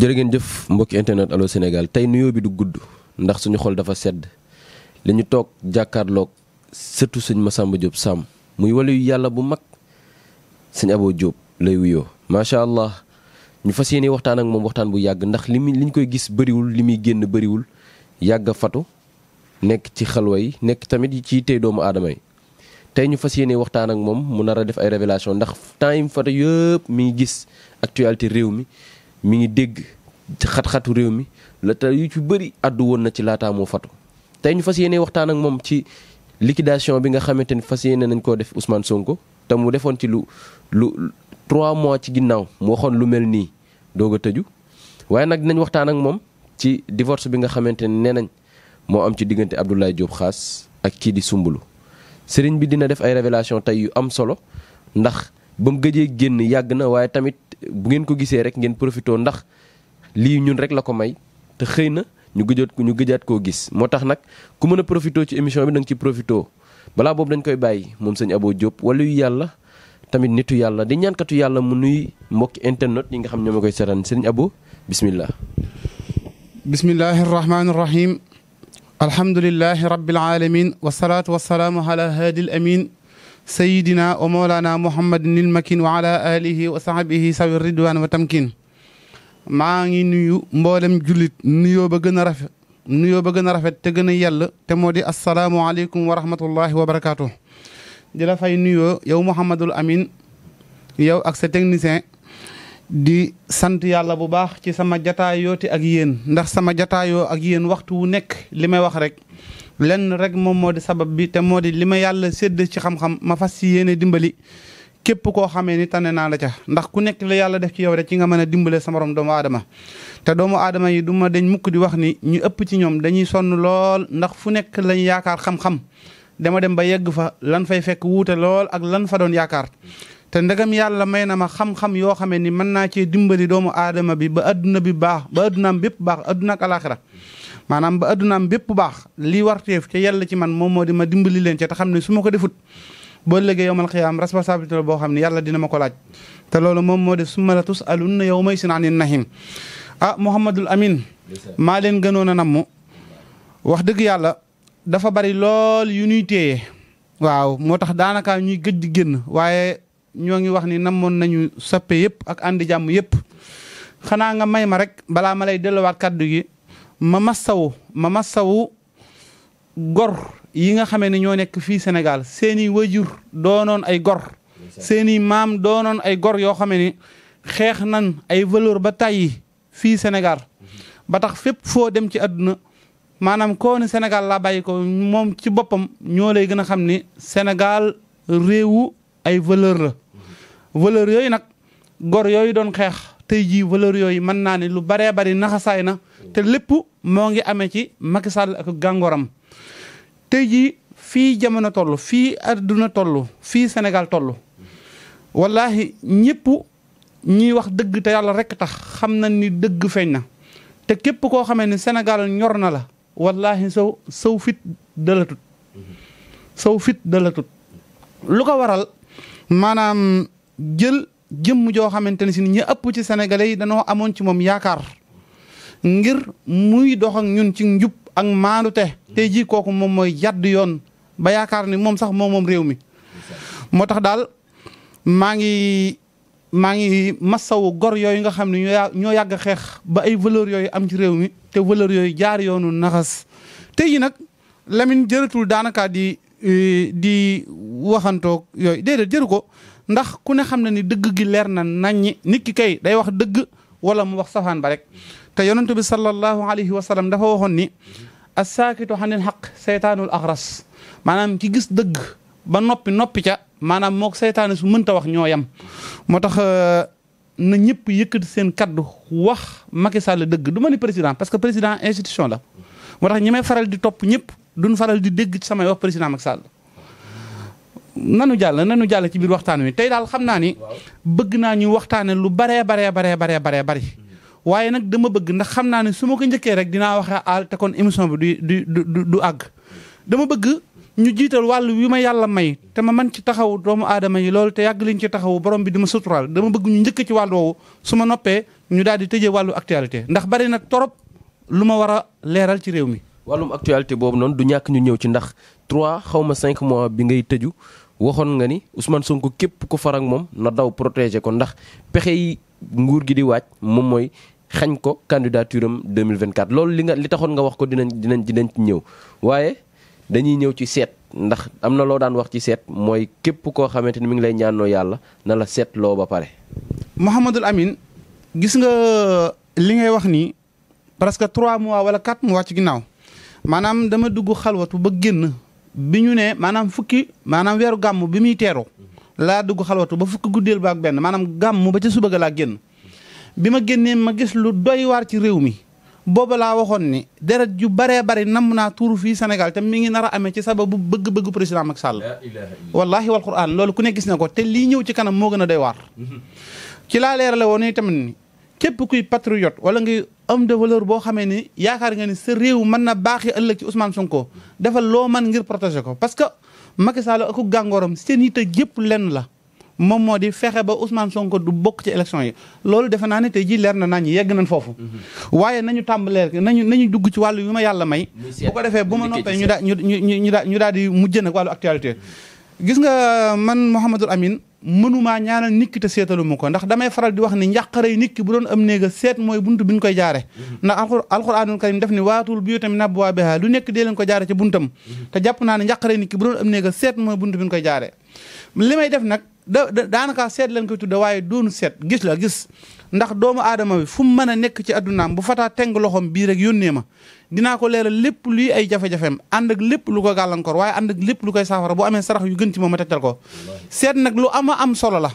jërë ngeen jëf mbokki internet Allô Sénégal tey nuyoo bi du gudd ndax suñu xol dafa sedd li ñu toog jàkkaarloog surtout sëñ Massamba Diop Sam muy wali yu yàlla bu mag sëñ Abo Diop lay wuyoo macha allah ñu fas yéene waxtaan ak moom waxtaan bu yàgg ndax li muy li ñu koy gis bëriwul li muy génn bëriwul yàgg a fatu nekk ci xalwa yi nekk tamit ci tey doomu aadama yi. tey ñu fas yéene waxtaan ak moom mu nar a def ay révélation ndax temps yi mu fatu yëpp mi ngi gis actualité réew mi. mi ngi dégg xat-xatu réew mi la te yu ci bëri àddu woon na ci laataa moo fatu tey ñu fas yéene waxtaan ak moom ci liquidation bi nga xamante ni fas yéene nañ koo def Ousmane Sonko te mu defoon ci lu lu trois mois ci ginnaaw mu waxoon lu mel nii doog a tëju waaye nag dinañ waxtaan ak moom ci divorce bi nga xamante ni nee nañ moo am ci diggante Abdoulaye Diop Xaas ak kii di Sumbulu sëriñ bi dina def ay révélation tey yu am solo ndax ba gëjee génn yàgg na waaye tamit bu ngeen ko gisee rek ngeen profitoo ndax lii ñun rek la ko may te xëy na ñu gëjoot ñu gëjaat koo gis moo tax nag ku mën a profitoo ci émission bi da ci profitoo balaa boobu dañ koy bàyyi moom sëñ Abo Diop wala yu yàlla tamit nitu yàlla di ñaankatu yàlla mu nuy mbokki internet yi nga xam ñoo ma koy seetaan sëriñ Abo bismillah bismillahi arrahmani irrahim alhamdulilahi rabbil alamin wasalaatu wasalaamu ala haadi al sayyidina wa mawlana muhammadin il makin wa ala alihi wa sahbihi sawi ridwan wa tamkin maa ngi nuyu mboolem jullit nuyoo ba gën a rafet nuyoo ba gën a rafet te gën a yell te moo di asalaamualeykum wa rahmatullahi wa barakaatu. di fay nuyoo yow Mouhamadul Amin yow ak sa technicien di sant yàlla bu baax ci sama jataayoo te ak yéen ndax sama jataayoo ak yéen waxtu wu nekk li may wax rek. lenn rek moom moo di sabab bi te moo di li ma yàlla sédd ci xam-xam ma fas si yéene dimbali képp koo xamee ni tane naa la ca ndax ku nekk la yàlla def ci yow rek ci nga mën a dimbale sa morom doomu aadama te doomu aadama yi du ma dañ mukk di wax ni ñu ëpp ci ñoom dañuy sonn lool ndax fu nekk lañ yaakaar xam-xam dama dem ba yegg fa lan fay fekk wuute lool ak lan fa doon yaakaar te ndegam yàlla may na ma xam-xam yoo xamee ni mën naa cee dimbali doomu aadama bi ba adduna bi baax ba addunaam bépp baax adduna ak alaxira maanaam ba addunaam bépp baax lii warteef ca yàlla ci man moom moo di ma dimbali leen ca te xam ne su ma ko defut boo léegi yowmal xiyaam responsabilité la boo xam ne yàlla dina ma ko laaj te loolu moom moo def summa la tusalunna yow may sin anin nahim ah Mouhamadul Amin maa leen gënoon a namm wax dëgg yàlla dafa bari lool yu ñuy téye waaw moo tax daanaka ñuy gëj di génn waaye ñoo ngi wax ni namoon nañu sappe yëpp ak àndi jàmm yépp xanaa nga may ma rek balaa ma lay delluwaat kàddu gi ma masawu ma masawu gor yi nga xamee ne ñoo nekk fii Sénégal seeni wajur doonoon ay gor seeni maam doonoon ay gor yoo xamee ni xeex nan ay valeur ba tàyyi fii Sénégal ba tax fépp foo dem ci àdduna maanaam koo ni Sénégal laa bàyyi ko moom ci boppam ñoo lay gën a xam ni Sénégal réewu ay valeur la valeur yooyu nag gor yooyu doon xeex tey jii valeur yooyu mën naa ne lu baree bari naxasaay na te lépp moo ngi amee ci Macky Sall ak gàngooram tey jii fii jamono toll fii adduna toll fii senegal toll wallahi ñëpp ñiy wax dëgg te yàlla rek tax xam na ni dëgg feeñ na te képp koo xamee ni Sénégal ñor na la wallahi saw saw fit dalatut mm-hmm. saw fit dalatut lu ko waral maanaam jël jëmm joo xamante ne si ñi ëpp ci sénégalais yi danoo amoon ci moom yaakaar ngir muy dox ak ñun ci njub ak maandute tey jii kooku moom mooy jàdd yoon ba yaakaar ni moom sax moom moom réew mi moo tax daal maa ngi maa ngi masawu gor yooyu nga xam ne ñoo yàgg xeex ba ay valeur yooyu am ci réew mi te valeur yooyu jaar yoonu naxas te yi nag Lamine jëratul daanaka di di waxantoog yooyu déedéet jëru ko ndax ku ne xam na ni dëgg gi leer na naññi nit ki kay day wax dëgg wala mu wax safaan ba rek te yonentu bi sallallahu alayhi wa sallam dafa waxoon ni assaakitu xanil xaq seytaanul axras maanaam ki gis dëgg ba noppi noppi ca maanaam mook seytaane su mënta wax ñoo yam moo tax euh, na ñëpp yëkkati seen kaddu wax Macky Sall dëgg du ma ni président parce que président institution la moo tax ñi may faral di topp ñëpp duñ faral di dégg ci samay wax président Macky Sall nanu jàll nanu jàll ci biir waxtaan wi tey daal xam naa ni bëgg naa ñu waxtaane lu baree baree baree baree baree bari waaye nag dama bëgg ndax xam naa ne su ma ko njëkkee rek dinaa wax aal kon émission bi du du du du àgg dama bëgg ñu jiital wàll wi ma yàlla may te ma man ci taxaw doomu aadama yi loolu te yàgg liñ ci taxawu borom bi di ma suturaal dama bëgg ñu njëkk ci wàll woowu su ma noppee ñu daal di wàllu actualité ndax bari na torop lu ma war a leeral ci réew mi. wàllum boobu noonu ñëw ci ndax 3 bi ngay tëju. waxoon nga ni Ousmane Sonko képp ku far ak moom na daw protéger ko ndax pexe yi nguur gi di waaj moom mooy xañ ko candidature am 2024. loolu li nga li taxoon nga wax ko dinañ dinañ dinañ ci ñëw waaye dañuy ñëw ci seet ndax am na loo daan wax ci seet mooy képp koo xamante ni mu ngi lay ñaanoo yàlla na la seet loo ba pare. Mouhamadul Amin gis nga euh, li ngay wax nii presque 3 mois wala 4 mois ci ginnaaw maanaam dama dugg xalwatu ba génn. bi ñu ne maanaam fukki maanaam weeru gàmm bi muy teeroo laa dugg xalwatu ba fukki guddeel ba ak benn maanaam gàmm ba ca suba ga laa génn bi ma génnee ma gis lu doy waar ci réew mi booba laa waxoon ni deret yu baree bari namm naa tuuru fii Sénégal te mi ngi nar a amee ci sababu bëgg-bëgg président Macky Sall wallahi wal quran loolu ku ne gis na ko te lii ñëw ci kanam moo gën a doy waar mhm. ci laa leerale woon tamit ni képp kuy patriote wala ngay homme de valeur boo xamee ni yaakaar nga ni sa réew mën na baaxee ëllëg ci Ousmane Sonko defal loo man ngir protéger ko parce que Macky Sall ak gàngooram seen yitte yëpp lenn la moom moo di fexe ba Ousmane Sonko du bokk ci élection yi loolu defe naa ne tey jii leer na naa ñi yegg nañ foofu. Mhm. waaye nañu tàmbalee nañu nañu dugg ci wàllu yu ma yàlla may. bu ko defee bu ma noppee ñu daa ñu ñu ñu daal di mujj nag wàllu actualité. Mhm. gis nga man Mouhamadul Amine mënumaa ñaanal nit ki te seetalu mu ko ndax damay faral di wax ni njàqarey nit ki bu am néega seet mooy buntu bi ñu koy jaare mhm. ndax alxur alxuraanul karim def ni waatul buyuuta min abwaabihaa lu nekk dee leen ko jaare ci buntam mhm. te jàpp naa ne njàqarey nit ki bu doon am néega seet mooy buntu bi ñu koy jaare li may def nag da daanaka seet leen koy tudde waaye doonu seet gis la gis ndax doomu aadama bi fu mu mën a nekk ci addunaam bu fataa teng loxoom bii rek yónnee ma dinaa ko leeral lépp luy ay jafe-jafeem ànd ak lépp lu ko gàllankoor waaye ànd ak lépp lu koy saafara boo amee sarax yu gën ci moom a tegtal ko seet nag lu ama am solo la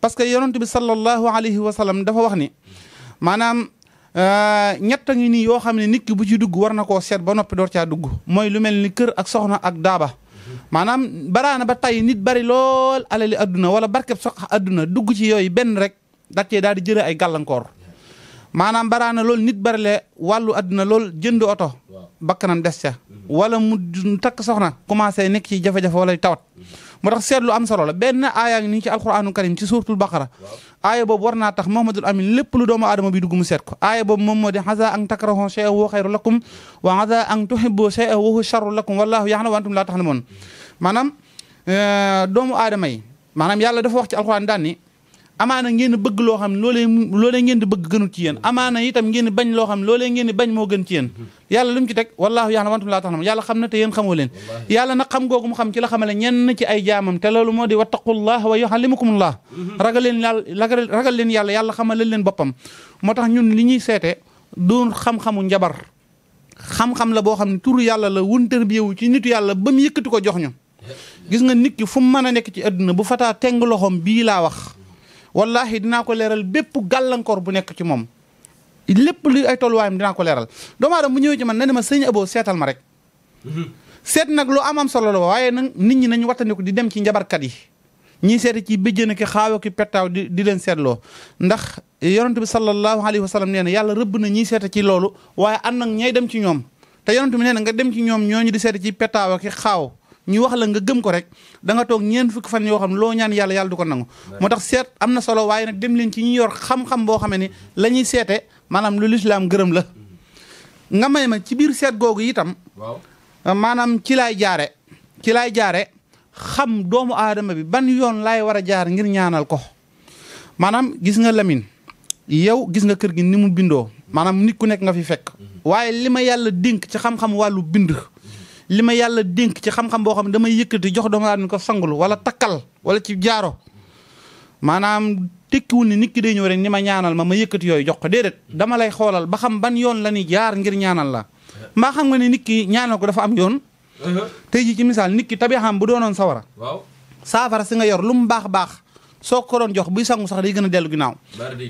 parce que yonent bi sallallahu alayhi wa sallam dafa wax ni maanaam euh, ñett ngi nii yoo xam ne nit ki bu ci dugg war na koo seet ba noppi door caa dugg mooy lu mel ni kër ak soxna ak daaba maanaam baraana ba tay nit bari lool alali adduna wala barkeb sox adduna dugg ci yooyu benn rek da cee daal di ay gàllankoor maanaam baraana loolu nit barale wàllu àdduna lool jënd oto bakkanam des ca mhm. wala mu takk soxna commencé nekk ci jafe-jafe wala tawat mhm. moo tax seetlu am solo la benn aaya ngi nii ci alquranu karim ci suuratul bakara aaya boobu war naa tax mahamadul amin lépp lu doomu aadama bi dugg mu seet ko aaya boobu moom moo di xasa an takrahu shay'a wa xayru lakum wa xasa an tuhibbu shay'a wa huwa sharru lakum wallahu yaxna wa laa taxlamoon mhm. maanaam euh, doomu aadama yi maanaam yàlla dafa ci alquran daan amaana ngeen bëgg loo xam loolee loolee ngeen di bëgg gënul ci yéen amaana itam ngeen bañ loo xam loolee ngeen bañ moo gën ci yéen yàlla lu mu ci teg wallaahu yax na wantum laa taxlam yàlla xam na te yéen xamoo leen yàlla nag xam googu mu xam ci la xamale ñenn ci ay jaamam te loolu moo di wattaqullah wa yuxallimukumullah mm-hmm. ragal leen yàlla ragal leen yàlla yàlla xamale leen boppam moo tax ñun li ñuy seete du xam-xamu njabar xam-xam la boo xam ne turu yàlla la wuntar bi yow ci nitu yàlla ba mu yëkkati ko jox ñu gis nga nit ki fu mu mën a nekk ci àdduna bu fataa teng loxoom bii laa wax wallahi dinaa ko leeral bépp gàllankoor bu nekk ci moom lépp li ay tolluwaayam dinaa ko leeral doomu aadama bu ñëwee ci man na ne ma sëñ Abo seetal ma rek mhm. seet nag lu am am solo la waaye nag nit ñi nañu wattandiku di dem ci njabarkat yi ñii seeta ci béjjën ki xaawa ki pettaaw di di leen seetloo ndax yonent bi sallallahu alayhi wa sallam nee na yàlla rëbb na ñii seeta ci loolu waaye ànd nag ñay dem ci ñoom te yonent bi nee na nga dem ci ñoom ñooñu di seeta ci pettaaw ki xaaw ñu wax la nga gëm ko rek danga toog ñeent fukki fan yoo xam loo ñaan yàlla yàlla du ko nangu moo tax seet am na solo waaye nag dem ci ñu yor xam-xam boo xamee ne la ñuy seete maanaam lu lislaam gërëm la nga may ma ci biir seet googu itam maanaam ci laay jaare ci laay jaare xam doomu aadama bi ban yoon laay war a jaar ngir ñaanal ko maanaam gis nga Lamine yow gis nga kër gi ni mu bindoo maanaam nit ku nekk nga fi fekk mm-hmm. waaye li ma yàlla dénk ci xam-xam wàllu bind li ma yàlla dénk ci xam-xam boo xam ne damay yëkkati jox doomu aadama ko sangul wala takkal wala ci jaaro maanaam tekkiwul ni nit ki day ñëw rek ni ma ñaanal ma ma yëkkati yooyu jox ko déedéet dama lay xoolal ba xam ban yoon la ñuy jaar ngir ñaanal la mbaa xam nga ne nit ki ñaanal ko dafa am yoon uh-huh. tey ji ci misaal nit ki tabi xam bu doonoon sawara saafara si nga yor lu baax baax soo ko doon jox buy sangu sax day gën a dellu ginnaaw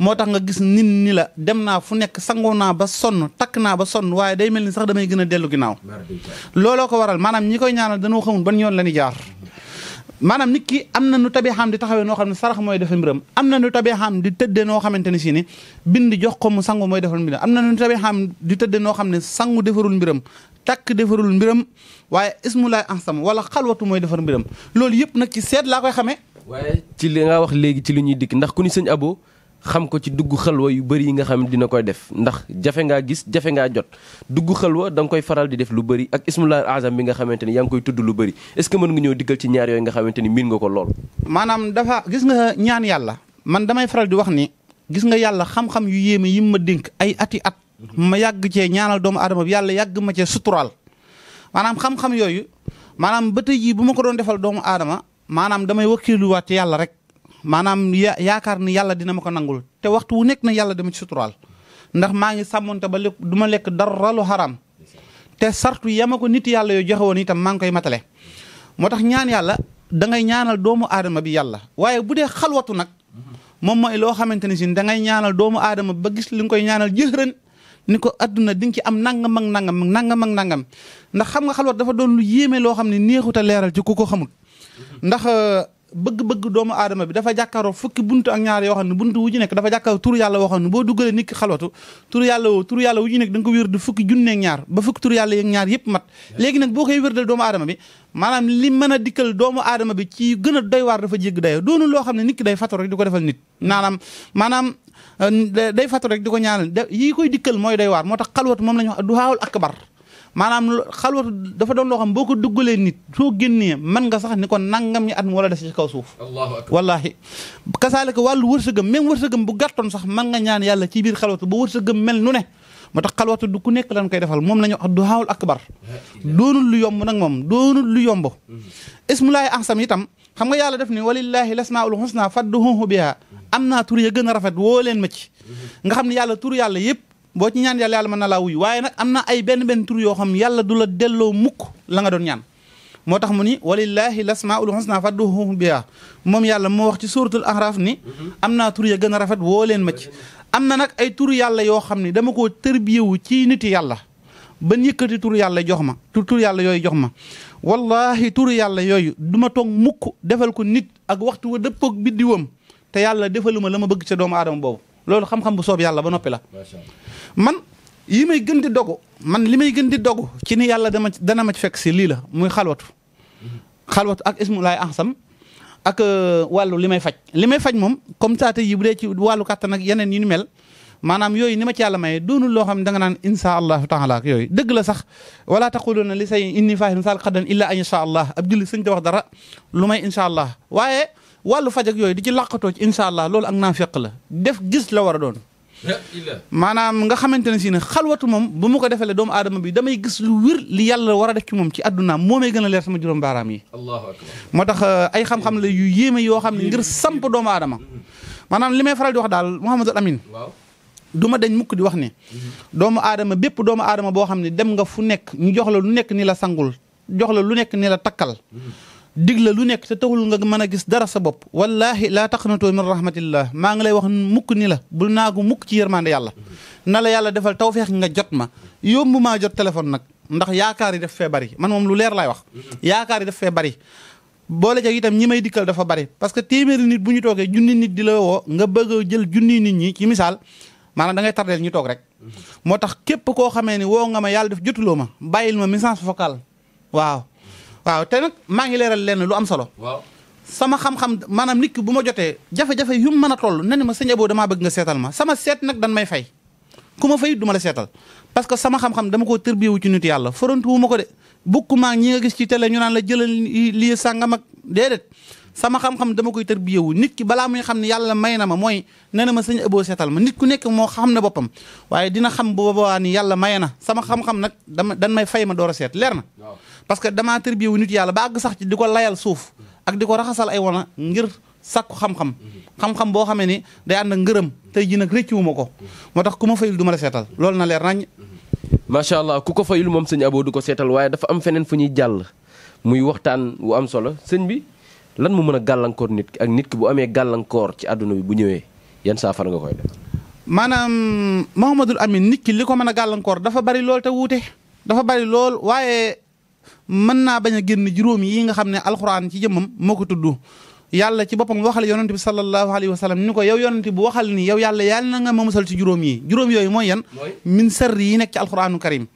moo tax nga gis nit ni la dem naa fu nekk sangoo naa ba sonn takk naa ba sonn waaye day mel ni sax damay gën a dellu ginnaaw looloo ko waral maanaam ñi koy ñaanal dañoo xamul ban yoon la ñuy jaar maanaam nit ki am na nu tabi xam di taxawee noo xam ne sarax mooy defal mbiram am na nu tabi xam di tëdde noo xamante ne si ni bind jox ko mu sangu mooy defal mbiram am na nu tabi xam di tëddee noo xam ne sangu defarul mbiram takk defarul mbiram waaye ismulaay ansam wala xalwatu mooy defar mbiram loolu yëpp nag ci seet laa koy xamee waaye ci li nga wax léegi ci li ñuy dikk ndax ku ni sëñ abo xam ko ci dugg xalwa yu bëri yi nga xam dina koy def ndax jafe ngaa gis jafe ngaa jot dugg xalwa da nga koy faral di def lu bëri ak ismulaal azam bi nga xamante ni yaa ngi koy tudd lu bëri est-ce que mën nga ñëw dikkal ci ñaar yooyu nga xamante ni miin nga ko lool maanaam dafa gis nga ñaan yàlla man damay faral di wax ni gis nga yàlla xam-xam yu yéeme yi ma dénk ay ati at ma yàgg cee ñaanal doomu aadama bi yàlla yàgg ma cee suturaal maanaam xam yooyu maanaam doon defal doomu aadama maanaam damay wakkiluwaat ci yàlla rek maanaam yaakaar ni yàlla dina ma ko nangul te waxtu wu nekk na yàlla dama ci suturaal ndax maa ngi sàmmonte ba lépp du ma lekk dara lu xaraam te sartu yama ko nit yàlla yoo joxe woon itam maa ngi koy matale moo tax ñaan yàlla dangay ñaanal doomu aadama bi yàlla waaye bu dee xalwatu nag moom mooy loo xamante ne si da ngay ñaanal doomu aadama ba gis li nga koy ñaanal jëxërën ni ko àdduna di nga ci am nangam ak nangam nangam ak nangam ndax xam nga xalwat dafa doon yéeme loo xam ne neexut a leeral ci ku ko xamul ndax euh, bëgg-bëgg doomu aadama bi dafa jàkkaaroo fukki bunt ak ñaar yoo xam ne bunt wu ñu nekk dafa jàkkaaroo turu yàlla woo xam ne boo duggalee nit ki xalwatu turu yàlla woo turu yàlla wu ñu nekk da nga ko wér du fukki junne ñaar ba fukki turu yàlla yëpp mat léegi nag boo koy wérdal doomu aadama bi maanaam li mën a dikkal doomu aadama bi ci gën a doy waar dafa jégg dayoo doonu loo xam ne nit ki day fatu rek di ko defal nit naanaam maanaam euh, day fatu rek di ko ñaanal yii koy dikkal mooy doy waar moo tax xalwatu moom la ñu wax duhaawul maanaam xalwatu dafa doon loo xam boo ko dugg leen nit soo génnee man nga sax ni ko nangam ñi at mu wala des ci kaw suuf wallaahi kasaalika wàllu wërsëgam même wërsëgam bu gàttoon sax mën nga ñaan yàlla ci biir xalwatu ba wërsëgam mel nu ne moo tax xalwatu du ku nekk lan koy defal moom la ñu wax du haawul akbar doonul lu yomb nag moom doonul lu yomb ismulaay ahsam itam xam nga yàlla def ni walillahi lasmaul husna fadduhu biha am naa tur ya gën a rafet woo leen ma ci nga xam ne yàlla tur yàlla yëpp boo ci ñaan yàlla yàlla mën na laa wuyu waaye nag am na ay benn benn tur yoo xam yàlla du la delloo mukk langa doon ñaan moo tax mu ni walillahi lasmaul husna fadduhu biha moom yàlla moo wax ci suratul ahraf ni am naa tur ya gën a rafet woo leen ma ci am na nag ay tur yàlla yoo xam ni dama koo tërbiyewu ci nit yàlla ban yëkkati tur yàlla jox ma tur yàlla yooyu jox ma wallahi tur yàlla yooyu duma ma toog mukk defal ko nit ak waxtu wa dëppoog biddiwam te yàlla defaluma la ma bëgg ca doomu aadama boobu loolu xam-xam bu soob yàlla ba noppi la man yi may gën di dogu man li may gën di dogu ci ni yàlla dama dana ma fekk si lii la muy xalwatu xalwatu ak ismulaay ahsam ak euh, wàllu li may faj li may faj moom comme ça tey yi bu dee ci wàllu kàttan ak yeneen yu ni mel maanaam yooyu ni ma ci yàlla maye doonul loo xam ne da naan insha allahu taala ak yooyu dëgg la sax wala na li say inni faa sal xadan illa an insha allah ab julli sëñ da wax dara lu may insha allah wàllu faj ak yooyu di ci làqatoo ci incha allah loolu ak naafeq la def gis la war a doon. maanaam nga xamante ne si ne xalwatu moom bu mu ko defalee doomu aadama bi damay gis lu li yàlla war a def ci ci àddunaam moo may gën a leer sama juróom baaraam yi. moo tax euh, ay xam-xam la yu yéeme yoo xam ne ngir samp doomu aadama maanaam li may faral di wax daal Mouhamadou amin waaw du ma mukk di wax ne. Mhm. doomu aadama bépp doomu aadama boo xam ne dem nga fu nekk ñu jox la lu nekk nii la sangul jox la lu nekk nii la takkal. Mhm. dig la lu nekk te taxul nga mën a gis dara sa bopp wallahi laa tax taqnatoo min rahmatillah maa ngi lay wax mukk ni la bu naagu mukk ci yërmande yàlla na la yàlla defal tawfeex nga jot ma yomb maa jot téléphone nag ndax yaakaar yi daf fee bari man moom lu leer laay wax yaakaar yi daf fee bari boole ca itam ñi may dikkal dafa bari parce que téeméeri nit bu ñu toogee junni nit di la woo nga bëgg jël junni nit ñi ci misaal maanaam da ngay ñu toog rek moo tax képp koo xamee ni woo nga ma yàlla def jotuloo ma bàyyil ma message vocal waaw te nag maa ngi leeral leen lu am solo. waaw sama xam-xam maanaam nit ki bu ma jotee jafe-jafe yu mu mën a toll ne ni ma sëñ Abo damaa bëgg nga seetal ma sama seet nag dan may fay ku ma fay duma la seetal parce que sama xam-xam dama koo tërbiyewu ci nit yàlla forantu wu ma ko de bokk maa ñi nga gis ci télé ñu naan la jëlal lii sàngam ak déedéet sama xam-xam dama koy tërbiyewu nit ki balaa muy xam ne yàlla maye na ma mooy nee na ma sëñ Abo seetal ma nit ku nekk moo xam ne boppam waaye dina xam boobaa ni yàlla may na sama xam-xam nag dama dan may fay ma door a seet leer na parce que damaa tërbiyewu nit yàlla ba àgg sax ci di ko layal suuf ak di ko raxasal ay wana ngir sàkku xam-xam mhm. xam-xam boo xamee ni day ànd ngërëm tey jii nag rëccuwuma ko mhm. moo tax ku ma fayul du ma la loolu na leer nañ mhm. macha allah ku ko fayul moom sëñ Abo du ko seetal waaye dafa am feneen fu ñuy jàll muy waxtaan wu am solo sëñ bi lan mu mën a gàllankoor nit ki ak nit ki bu amee gàllankoor ci àdduna bi bu ñëwee yan saafara nga koy def. maanaam Mouhamadul Amine nit ki li ko mën a gàllankoor dafa bari lool te wute dafa bari lool waaye mën naa bañ a génn juróom yi nga xam ne alxuraan ci jëmmam moo ko tudd. yàlla ci boppam waxal yonent bi sallallahu alayhi wa sallam ni ko yow yonent bi waxal ni yow yàlla yàlla na nga ma musal ci juróom yi juróom yooyu mooy yan. min sër yi nekk ci alxuraanu karim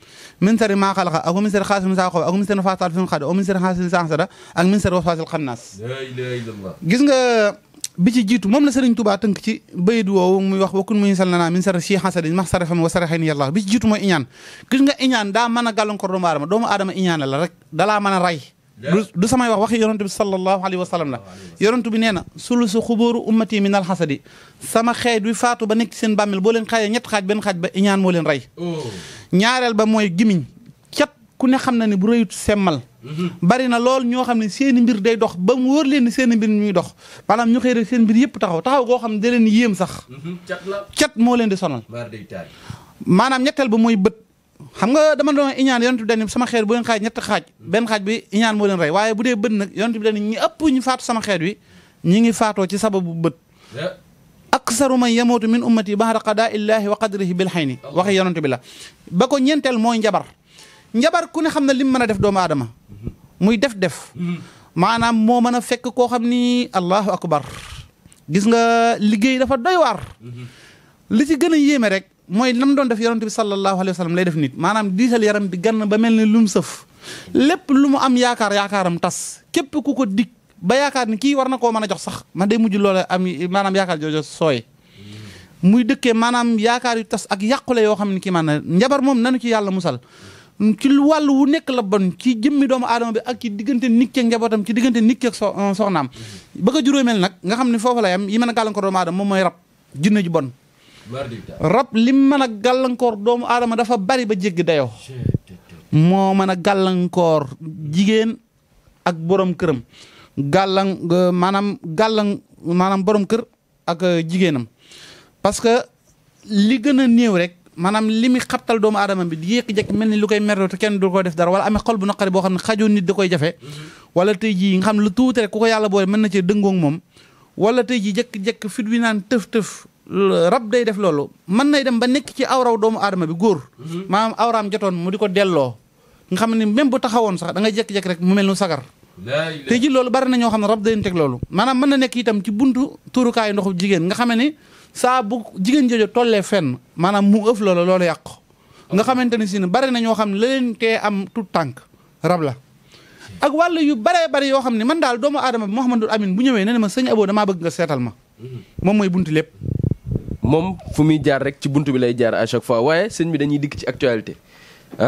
min sari maa xalaqa ak min sari xaasin saa xob ak min sari faasal fi mu xada ak min sari xaasin saa xasada ak min sari waswaasil xannaas gis nga bi ci jiitu moom la Serigne Touba tënk ci bayit woowu muy wax wakkun muñu sal nanaa min sari si xasadin max sarafam wa saraxin yàlla bi ci jiitu mooy iñaan gis nga iñaan daa mën a gàllankoor doomu aadama doomu aadama iñaane la rek dalaa mën a ray du samay wax waxi yonent bi sallallahu alayhi wa sallam la yonent bi nee na sulu su xubóoru ummati min alxasadi sama xeet wi faatu ba nekk seen bàmmeel boo leen xaajee ñett xaaj benn xaaj ba iñaan moo leen rey oh. ñaareel ba mooy gimiñ cat ku ne xam na ne bu rëyut semmal mm-hmm. bari na lool ñoo xam ne seen mbir day dox ba mu wóor leen ni seen mbir ñuy dox maanaam ñu xëy rek seen mbir yëpp taxaw taxaw goo xam ne da leen yéem sax mm-hmm. cat moo leen di sonal maanaam ñetteel ba mooy bët xam nga dama doon iñaan yonent bi dañ sama xeet bu leen xaaj ñett xaaj benn xaaj bi iñaan moo leen rey waaye bu dee bët nag yonent bi dañ ñi ëpp ñu faatu sama xeet wi ñi ngi faatoo ci sababu bët aksaru man yamootu min ummati ba'da qadaa illaahi wa qadrihi bil hayni waxe yonent bi la ba ko ñeenteel mooy njabar njabar ku ne xam ne lim mën a def doomu aadama mm-hmm. muy def def mm-hmm. maanaam moo mën a fekk koo xam ni allahu akbar gis nga liggéey dafa doy waar mm-hmm. li ci gën a yéeme rek mooy lam doon def yonent bi sallallahu alayhi wa sallam lay def nit maanaam diisal yaram bi gann ba mel ne lu mu sëf lépp lu mu am yaakaar yaakaaram tas képp ku ko dig ba yaakaar ni kii war na koo mën a jox sax man day mujj loola am maanaam yaakaar joojo sooy muy dëkkee maanaam yaakaar yu tas ak yaqule yoo xam ne kii maanaam njabar moom nanu ci yàlla musal ci wàll wu nekk la bon ci jëmmi doomu aadama bi ak ci diggante nit ki ak njabootam ci diggante nit ki ak euh, soxnaam bëgg a juróomeel nag nga xam ne foofu la yam yi mën a gàllankoor doomu aadama moom mooy rab jinne ju bon rab lim mën a gàllankoor doomu aadama dafa bari ba jéggi dayo moo mën a gàllankoor jigéen ak borom këram gàllan euh, maanaam gàllan maanaam borom kër ak euh, jigéenam parce que li gën a néew rek maanaam li muy xabtal doomu aadama bi di yékki-jékki mel ni lu koy merloo te kenn du ko def dara wala amee xol bu naqari boo xam ne xajoo nit da koy jafe mm-hmm. wala tey jii nga xam ne lu tuuti rek ku ko yàlla boole mën na cee dëngoog moom wala tey jii jékki-jékki fit wi naan tëf-tëf rab day def loolu mën nay dem ba nekk ci awraw doomu aadama bi góor mhm. maanaam awraam jotoon mu di ko delloo nga xam ne même bu taxawoon sax da ngay jékki-jékki rek mu mel nu sagar te ji loolu bari na ñoo xam ne rab day teg loolu maanaam a na nekk itam ci buntu tuurukaayu jigéen nga xam ne saa bu jigéen jooju tollee fenn maanaam mu ëf loola loolu yàqu nga xamante ne si bari na ñoo xam ne la leen am tout tànk rab la ak wàllu yu baree bari yoo xam ne man daal doomu aadama bi Mouhamadou Amine bu ñëwee ne ma sëñ Abo damaa bëgg nga seetal ma mhm. moom mooy buntu lépp moom fu muy jaar rek ci bunt bi lay jaar à chaque fois waaye sëñ bi dañuy dikk ci actualité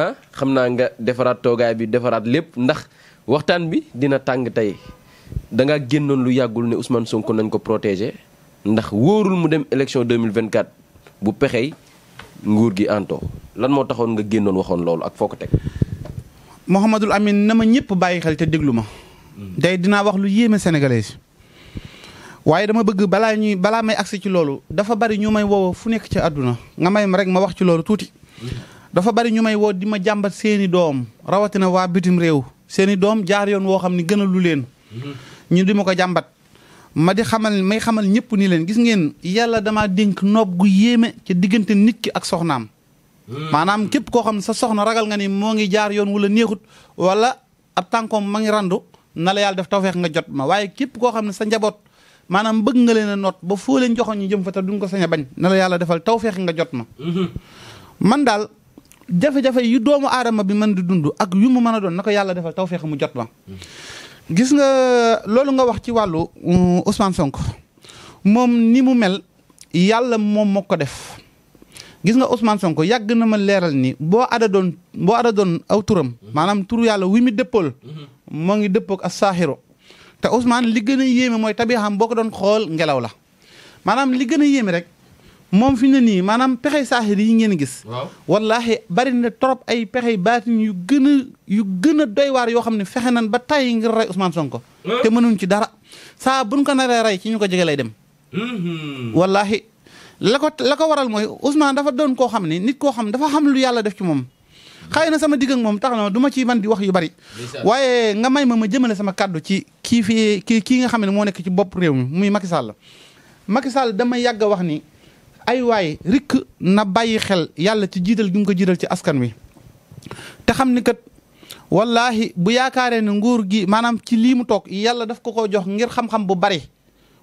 ah xam naa nga defaraat toogaay bi defaraat lépp ndax waxtaan bi dina tàng tey da nga génnoon lu yàggul ne Ousmane Sonko nañ ko protéger ndax wóorul mu dem élection 2024 bu pexey nguur gi anto lan moo taxoon nga génnoon waxoon loolu ak foo ko teg. Mouhamadul Amine na ma ñëpp bàyyi xel te déglu ma. day hmm. dinaa wax lu yéeme sénégalais waaye dama bëgg balaa ñuy balaa may agsi ci loolu dafa bari ñu may woo fu nekk ci àdduna nga may rek ma wax ci loolu tuuti. dafa bari ñu may woo di ma jàmbat seeni doom rawatina waa bitim réew seeni doom jaar yoon woo xam ni gënalu leen. ñu di ma ko jàmbat. ma di xamal may xamal ñëpp nii leen gis ngeen yàlla damaa dénk noob gu yéeme ca diggante nit ki ak soxnaam. maanaam képp koo xam ne sa soxna ragal nga ni moo ngi jaar yoon wala neexut wala ab tànkoom ma ngi randu na la def tawfeex nga jot ma waaye képp koo xam ne sa njaboot. maanaam bëgg nga leen a noot ba foo leen joxoon ñu jëm fa te duñ ko sañ a bañ na la yàlla defal tawféex nga jot ma mhm. man daal jafe-jafe yu doomu aadama bi man di dund ak yu mu mën a doon na ko yàlla defal tawféex mu jot ma mhm. gis nga loolu nga wax ci wàllu euh, Ousmane Sonko moom ni mu mel yàlla moom moo ko def gis nga Ousmane Sonko yàgg na ma leeral ni boo ada doon boo ada doon aw turam mhm. maanaam turu yàlla wi mu dëppool moo ngi dëppoog as saaxiru te Ousmane li gën a yéeme mooy tabixam boo ko doon xool ngelaw la maanaam li gën a yéeme rek moom fi ne nii maanaam pexe saaxir yi ngeen gis. waaw wallaahi bari na trop ay pexe baatin yu gën a yu gën a doy yoo xam ne fexe nan ba tàyyi ngir rey Ousmane Sonko. te mënuñ ci dara saa buñ ko naree rey ci ñu ko jege lay dem. Mm-hmm. wallaahi la ko la waral mooy Ousmane dafa doon koo xam ne nit koo xam dafa xam lu yàlla def ci moom. xëy na sama digg moom tax na du ma ci di wax yu bari. nga may ma ma jëmale sama kàddu ci. kii fii kii kii nga xam ne moo nekk ci bopp réew mi muy Macky Sall Sall dama yàgg a wax ni ay waay rikk na bàyyi xel yàlla ci jiital gi mu ko jiidal ci askan wi te xam ni kat wallaahi bu yaakaaree ne nguur gi maanaam ci lii mu toog yàlla daf ko ko jox ngir xam-xam bu bari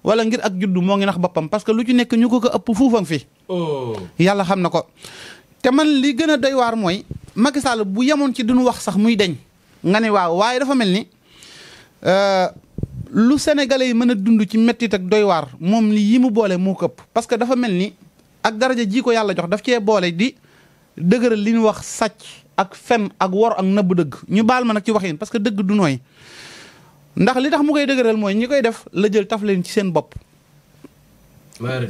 wala ngir ak juddu moo ngi nax boppam parce que lu ci nekk ñu ko ko ëpp fuufam fi. Oh. yàlla xam na ko. te man li gën a doy waar mooy Macky bu yemoon ci duñu wax sax muy deñ nga Euh, lu sénégalais yi mën a dund ci mettit ak doy waar moom lii yi mu boole moo këpp parce que dafa mel ni ak daraja ji ko yàlla jox daf cee boole di dëgëral li ñu wax sàcc ak fen ak wor ak nëbb dëgg ñu baal ma nag ci waxin parce que dëgg du nooy ndax li tax mu koy dëgëral mooy ñi koy def la jël taf leen ci seen bopp.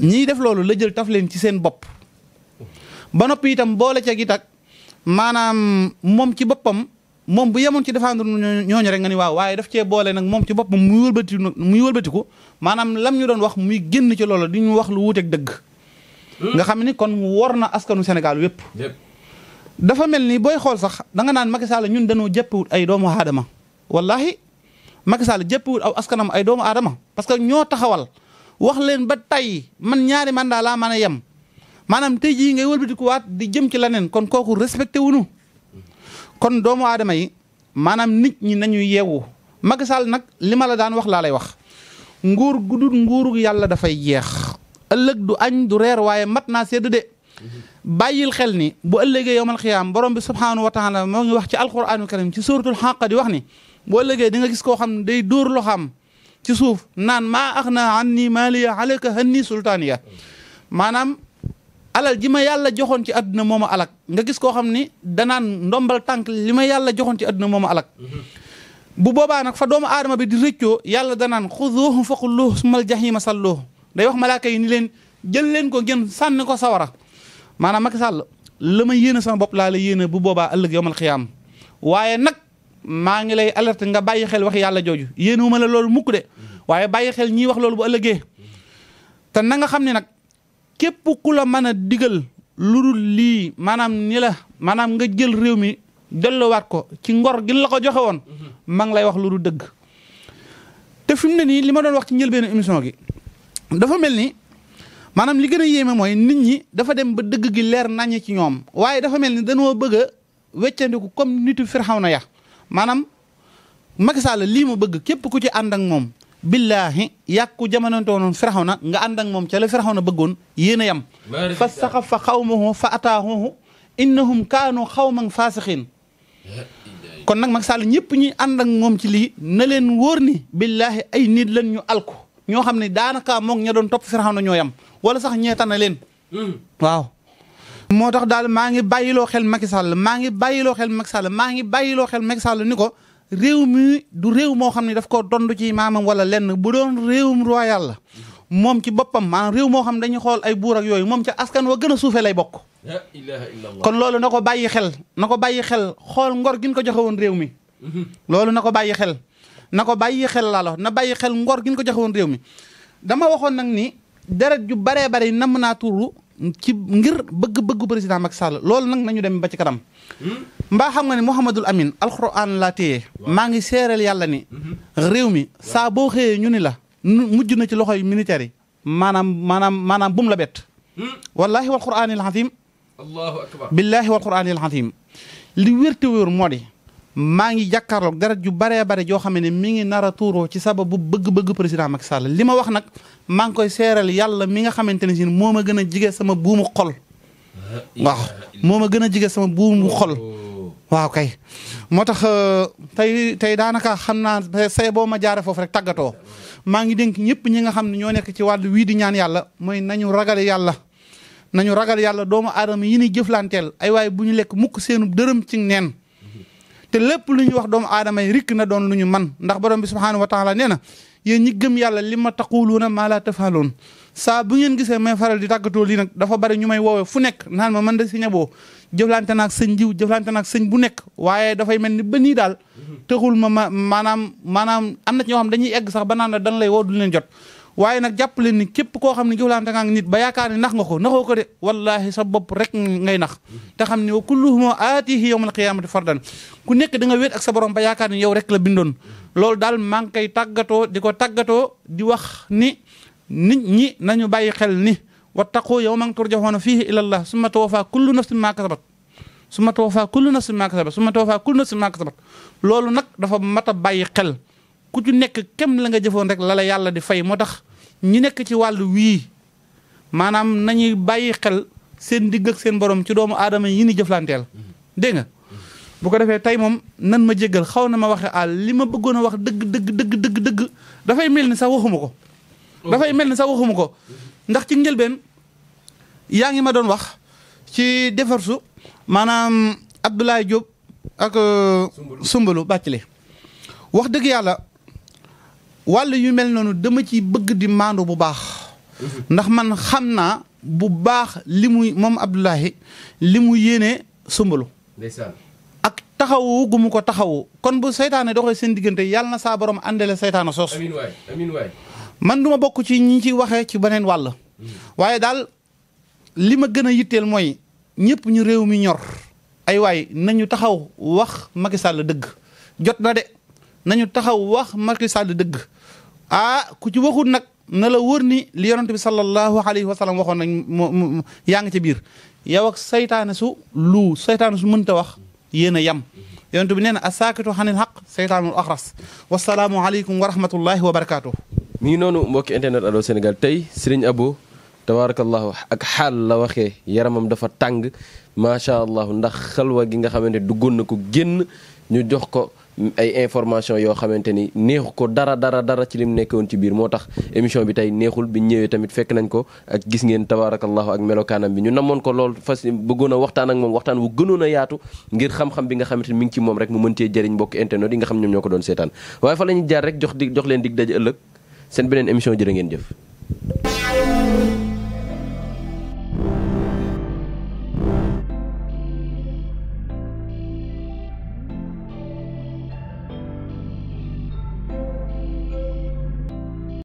ñiy def loolu la jël taf leen ci seen bopp. ba noppi itam boole ca gi maanaam moom ci boppam. moom bu yemoon ci défendre ñooñu rek nga ni waaw waaye daf cee boole nag moom ci boppam muy wëlbati muy wëlbatiku maanaam lam ñu doon wax muy génn ci loolo di ñu wax lu wuuteeg dëgg. Hmm. nga xam ni kon wor na askanu Sénégal wépp dafa mel ni booy xool sax danga naan Macky Sall ñun dañoo jëppiwut ay doomu aadama wallahi Macky Sall jëppiwut aw askanam ay doomu aadama parce que ñoo taxawal wax leen ba tey man ñaari man mandat laa mën a yem maanaam tey jii ngay wëlbatikuwaat di jëm ci leneen kon kooku respecté wuñu kon doomu aadama yi maanaam nit ñi nañuy yeewu Macky Sall nag li ma la daan wax laa lay wax nguur gudul nguuru yàlla dafay jeex ëllëg du añ du reer waaye mat naa sedd de bàyyil xel ni bu ëllëgee yowmal xiyaam borom bi subhaanahu wa taala moo ngi wax ci alquraanu karim ci suratul xàqa di wax ni bu ëllëgee di gis koo xam ne day dóor loo ci suuf naan maa ax na an ni ya aleyka an ni sultaaniya maanaam alal ji ma yàlla joxoon ci àdduna moo ma nga gis koo xam ni danaan ndombal tànk li ma yàlla joxoon ci àdduna moo ma bu boobaa nag fa doomu aadama bi di rëccoo yàlla danaan xuduuhu faqulluuhu summal ma salluuhu day wax malaaka yi ni leen jël leen ko ngeen sànni ko sawara maanaam Macky Sall la ma yéene sama bopp laa la yéena bu boobaa ëllëg yowmal xiyaam waaye nag maa ngi lay alerte nga bàyyi xel wax yàlla jooju yéene wu ma la loolu mukk de waaye bàyyi xel ñiy wax loolu bu ëllëgee na nga xam ne nag képp ku la mën a diggal lu dul lii maanaam ni la maanaam nga jël réew mi delluwaat ko ci ngor gi la ko joxe woon mhm. ma lay wax lu dul dëgg te fi mu ne nii li ma doon wax ci njëlbeenu émission gi dafa mel ni maanaam li gën a yéeme mooy nit ñi dafa dem ba dëgg gi leer naññ ci ñoom waaye dafa mel ni dañoo bëgg weccandiku comme nitu firxaw na ya maanaam Macky lii ma bëgg képp ku ci ànd ak moom billaahi yàkku jamonantoo noon firawna nga ànd ak moom ca la firawna bëggoon yéen a yam fa saxa fa xawmahu fa ataahuhu innahum kaanu xawman faasixiin kon nag ma Sall ñëpp ñuy ànd ak moom ci lii na leen wóor ni billaahi ay nit lan ñu alku ñoo xam ne daanaka moog ña doon topp firawna ñoo yam wala sax ñeeta na leen hmm. waaw moo tax daal maa ngi bàyyiloo xel Macky Sall maa ngi bàyyiloo xel Macky Sall maa ngi bàyyiloo xel Macky Sall ni ko réew mi du réew moo xam ne daf ko dond ci maamam wala lenn bu doon réew réewum royal la moom ci boppam maanaam réew moo xam dañuy xool ay buur ak yooyu moom ci askan wa gën a suufee lay bokk. kon loolu na ko bàyyi xel na ko bàyyi xel xool ngor gi ñu ko joxe réew mi. Mm-hmm. loolu na ko bàyyi xel na ko bàyyi xel laalo na bàyyi xel ngor gi ñu ko joxewoon réew mi dama waxoon nag ni deret ju baree bare namm naa tuuru. ci ngir bëgg-bëggu président Macky Sall loolu nag nañu dem ba ci kanam mbaa xam nga ne Mouhamadul Amin alxuraan laa téye maa ngi seereel yàlla ni réew mi saa boo xëyee ñu ni la mujj na ci loxoy militaire yi maanaam maanaam maanaam bum la bett hmm? wallaahi wal quraanil xasim billaahi wal quraanil xasim li wérte wér moo di maa ngi jàkkaarloog deret ju baree bare joo xam ne mi ngi nar a tuuroo ci sababu bëgg-bëgg président Macky Sall li ma wax nag maa ngi koy seeral yàlla mi nga xamante ne si moo gën a jige sama buumu xol. waaw ma gën a jige sama buumu xol. Ah, oh. waaw kay moo tax euh, tey tey daanaka xam naa say boo ma jaare foofu rek tàggatoo maa ngi dénk ñëpp ñi nga xam ne ñoo nekk ci wàllu wii di ñaan yàlla mooy nañu ragal yàlla. nañu ragal yàlla doomu aadama yi ni jëflanteel ay waaye bu ñu lekk mukk seenu dërëm ci neen te lépp lu ñu wax doomu aadama yi rikk na doon lu ñu man ndax borom bi subhaanahu wa taala nee na yéen ñi gëm yàlla li ma taquluuna maa laa tafaaloon saa bu ngeen gisee may faral di tàggatoo lii dafa bari ñu may woowee fu nekk naan ma man de si ñaboo jëflante naag sëñ jiw jëflante naag sëñ bu nekk waaye dafay mel ni ba nii daal mhm. taxul ma ma maanaam maanaam am na ci ñoo xam dañuy egg sax ba naan na dan lay woo du leen jot waaye nag jàpp leen ni képp koo xam ne jëflante nga ak nit ba yaakaar ne nax nga ko naxoo ko de wallahi sa bopp rek ngay nax te xam ne wa kulluhum aatihi yawmal qiyaamati fardan ku nekk da nga ak sa borom ba yaakaar ne yow rek la loolu daal maa koy tàggatoo di ko tàggatoo di wax ni nit ñi nañu bàyyi xel ni wattaqu yawman turjaxoona fiihi ila allah summa tuwafa kullu nafsin maa kasabat summa tuwafa kullu nafsin maa kasabat faa tuwafa kullu nafsin maa kasabat loolu nag dafa mat a bàyyi xel ku ci nekk kem la nga jëfoon rek lala yàlla di fay moo tax ñi nekk ci wàll wii maanaam nañuy bàyyi xel seen digg ak seen borom ci doomu aadama yi ni jëflanteel dégg nga bu ko defee tey moom nan ma jéggal xaw na ma waxe àll li ma bëggoon a wax dëgg dëgg dëgg dëgg dëgg dafay mel ni sax waxuma ko dafay mel ni sax waxuma ko ndax ci njëlbeen yaa ngi ma doon wax ci defarsu maanaam Abdoulaye Diop ak euh, Sumbalu Bàccale wax dëgg yàlla wàll yu mel noonu dama ci bëgg di maandu bu baax ndax man xam naa bu baax li muy moom Abdoulahi li mu yéene sumbalu ak taxawu gu mu ko taxawu kon bu seytaane doxee seen diggante yàlla na saa borom àndele seytaane soos amiin waay amiin waay man du ma bokk ci ñi ci waxee ci beneen wàll mm. waaye daal li ma gën a yitteel mooy ñëpp ñu réew mi ñor ay waay nañu taxaw wax Macky Sall dëgg jot na de nañu taxaw wax Macky dëgg ah ku ci waxut nag na la wóor ni li yonent bi sallallahu alayhi wa sallam waxoon nañ moo yaa ngi ci biir yow seytaane su lu seytaane su mënta wax yéen a yem yonent bi nee na asaakitu xanil xaq saytaanul axras wasalaamu aleykum wa rahmatullahi wa barakaatu. mi ngi noonu mbokki internet Allô Sénégal tey Serigne Abo. tabaarakallaahu ak xaal la waxee yaramam dafa tàng macha allah ndax xalwa gi nga xamante duggoon na ko génn ñu jox ko ay information yoo xamante ni neexu ko dara dara dara ci lim nekkoon ci biir moo tax émission bi tey neexul bi ñëwee tamit fekk nañ ko ak gis ngeen tabaarakallahu ak melokaanam bi ñu namoon ko lool fas bëggoon a waxtaan ak moom waxtaan wu gënoon a yaatu ngir xam-xam bi nga xamante ni mi ngi ci moom rek mu mën cee jëriñ mbokk internet yi nga xam ñoom ñoo ko doon seetaan waaye fa la ñuy jaar rek jox di jox leen dig seen beneen émission jërë ngeen jëf